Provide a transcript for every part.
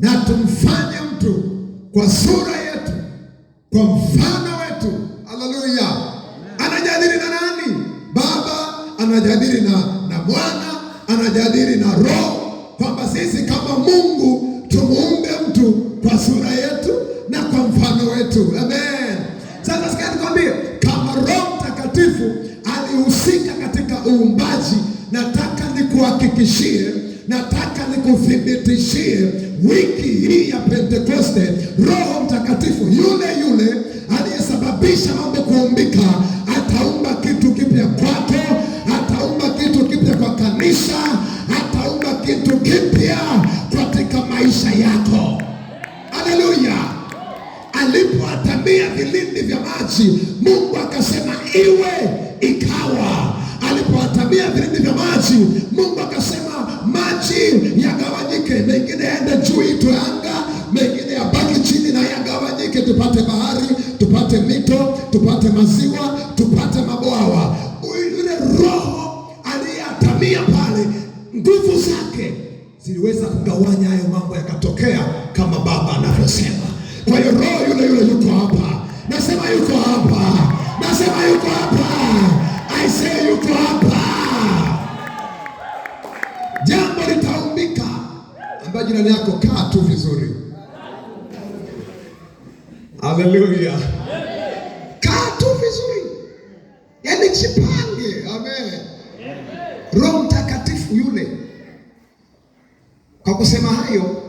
na tumfanye mtu kwa sura yetu, kwa mfano wetu. Haleluya! Anajadili na nani? Baba anajadili na, na Mwana anajadili na Roho, kwamba sisi kama Mungu tumuumbe mtu kwa sura yetu na kwa mfano wetu. Amen. Sasa sikia nikwambie, kama Roho Mtakatifu alihusika katika uumbaji, nataka nikuhakikishie Nataka nikuthibitishie wiki hii ya Pentekoste, Roho Mtakatifu yule yule aliyesababisha mambo kuumbika ataumba kitu kipya kwako, ataumba kitu kipya kwa kanisa, ataumba kitu kipya katika maisha yako. Haleluya! Alipoatamia vilindi vya maji, Mungu akasema iwe, ikawa. Alipoatamia vilindi vya maji, Mungu akasema chini yagawanyike, mengine yaende juu, itwe anga, mengine yabaki chini na yagawanyike, tupate bahari, tupate mito, tupate maziwa, tupate mabwawa. Yule roho aliyeatamia pale, nguvu zake ziliweza kugawanya hayo mambo, yakatokea kama Baba anavyosema. Kwa hiyo roho yule yule yuko hapa, nasema yuko hapa, nasema yuko hapa, aisee, yuko hapa. jirani yako, kaa tu vizuri. Haleluya, kaa tu vizuri, yaani jipange. Amen. Roho Mtakatifu yule, kwa kusema hayo,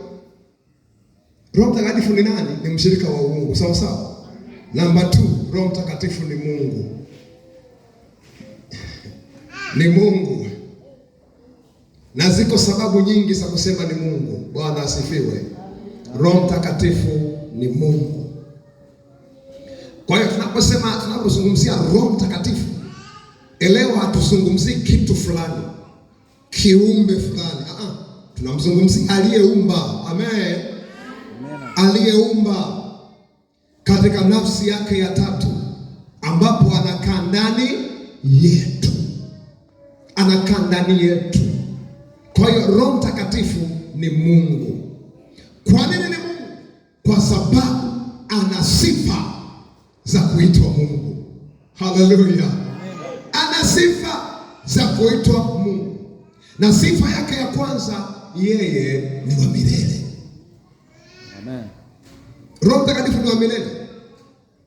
Roho Mtakatifu ni nani? Ni mshirika wa uungu, sawa sawa. Namba tu, Roho Mtakatifu ni Mungu, ni Mungu na ziko sababu nyingi za kusema ni Mungu. Bwana asifiwe. Roho Mtakatifu ni Mungu. Kwa hiyo tunaposema, tunapozungumzia Roho Mtakatifu, elewa hatuzungumzii kitu fulani, kiumbe fulani. Ah, ah tunamzungumzia aliyeumba. Amen, aliyeumba katika nafsi yake ya tatu, ambapo anakaa ndani yetu, anakaa ndani yetu kwa hiyo Roho Mtakatifu ni Mungu. Kwa nini ni Mungu? Kwa sababu ana sifa za kuitwa Mungu. Haleluya, ana sifa za kuitwa Mungu, na sifa yake ya kwanza, yeye ni wa milele. Amen. Roho Mtakatifu ni wa milele,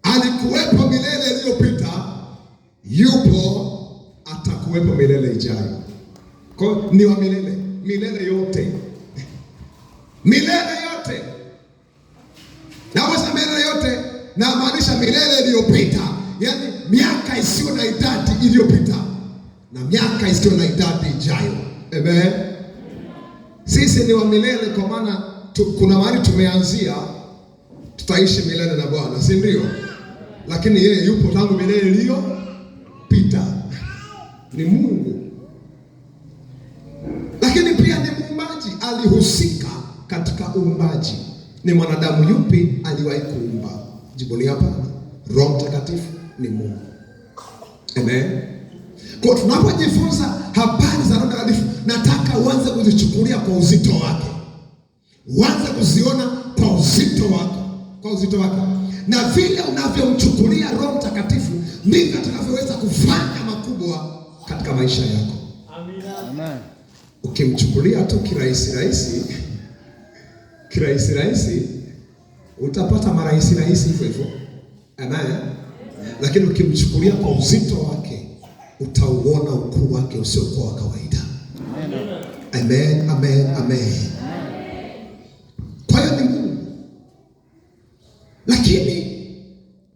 alikuwepo milele iliyopita, yupo, atakuwepo milele ijayo. Kwa ni wa milele milele yote, milele yote. Naposema milele yote, namaanisha milele iliyopita, yaani miaka isiyo na idadi iliyopita na miaka isiyo na idadi ijayo. Amen. Sisi ni wa milele, kwa maana kuna mahali tumeanzia, tutaishi milele na Bwana, si ndio? Lakini yeye yupo tangu milele iliyopita, ni Mungu alihusika katika uumbaji? Ni mwanadamu yupi aliwahi kuumba? Jibu ni hapana. Roho Mtakatifu ni Mungu. Amen. Kwa tunapojifunza habari za Roho Mtakatifu, nataka uanze kuzichukulia kwa uzito wake, uanze kuziona kwa uzito wake, kwa uzito wake, na vile unavyomchukulia Roho Mtakatifu ndivyo atakavyoweza kufanya makubwa katika maisha yako. Ukimchukulia tu kirahisi rahisi kirahisi rahisi utapata marahisi rahisi hivyo hivyo, amen. Lakini ukimchukulia kwa uzito wake utauona ukuu wake usiokuwa wa kawaida. Amen, amen, amen. Kwa hiyo ni Mungu, lakini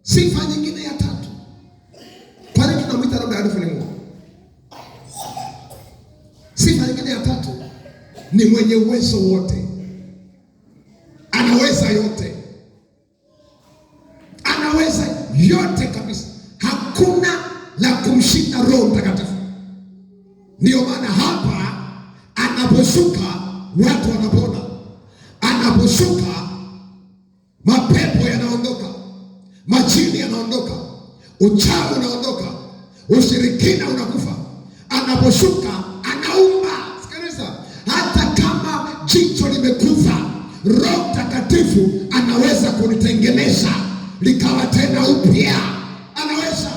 sifanye nyingine ya tatu ni mwenye uwezo wote, anaweza yote, anaweza yote kabisa, hakuna la kumshinda Roho Mtakatifu. Ndiyo maana hapa anaposhuka watu wanapona, anaposhuka mapepo yanaondoka, majini yanaondoka, uchawi unaondoka, ushirikina unakufa anaposhuka likawa tena upya. Anaweza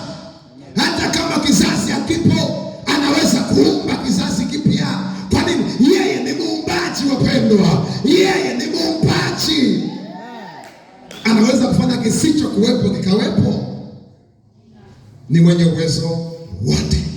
hata kama kizazi hakipo, anaweza kuumba kizazi kipya. Kwa nini? Yeye ni muumbaji, wapendwa, yeye ni muumbaji. Anaweza kufanya kisicho kuwepo kikawepo, ni mwenye uwezo wote.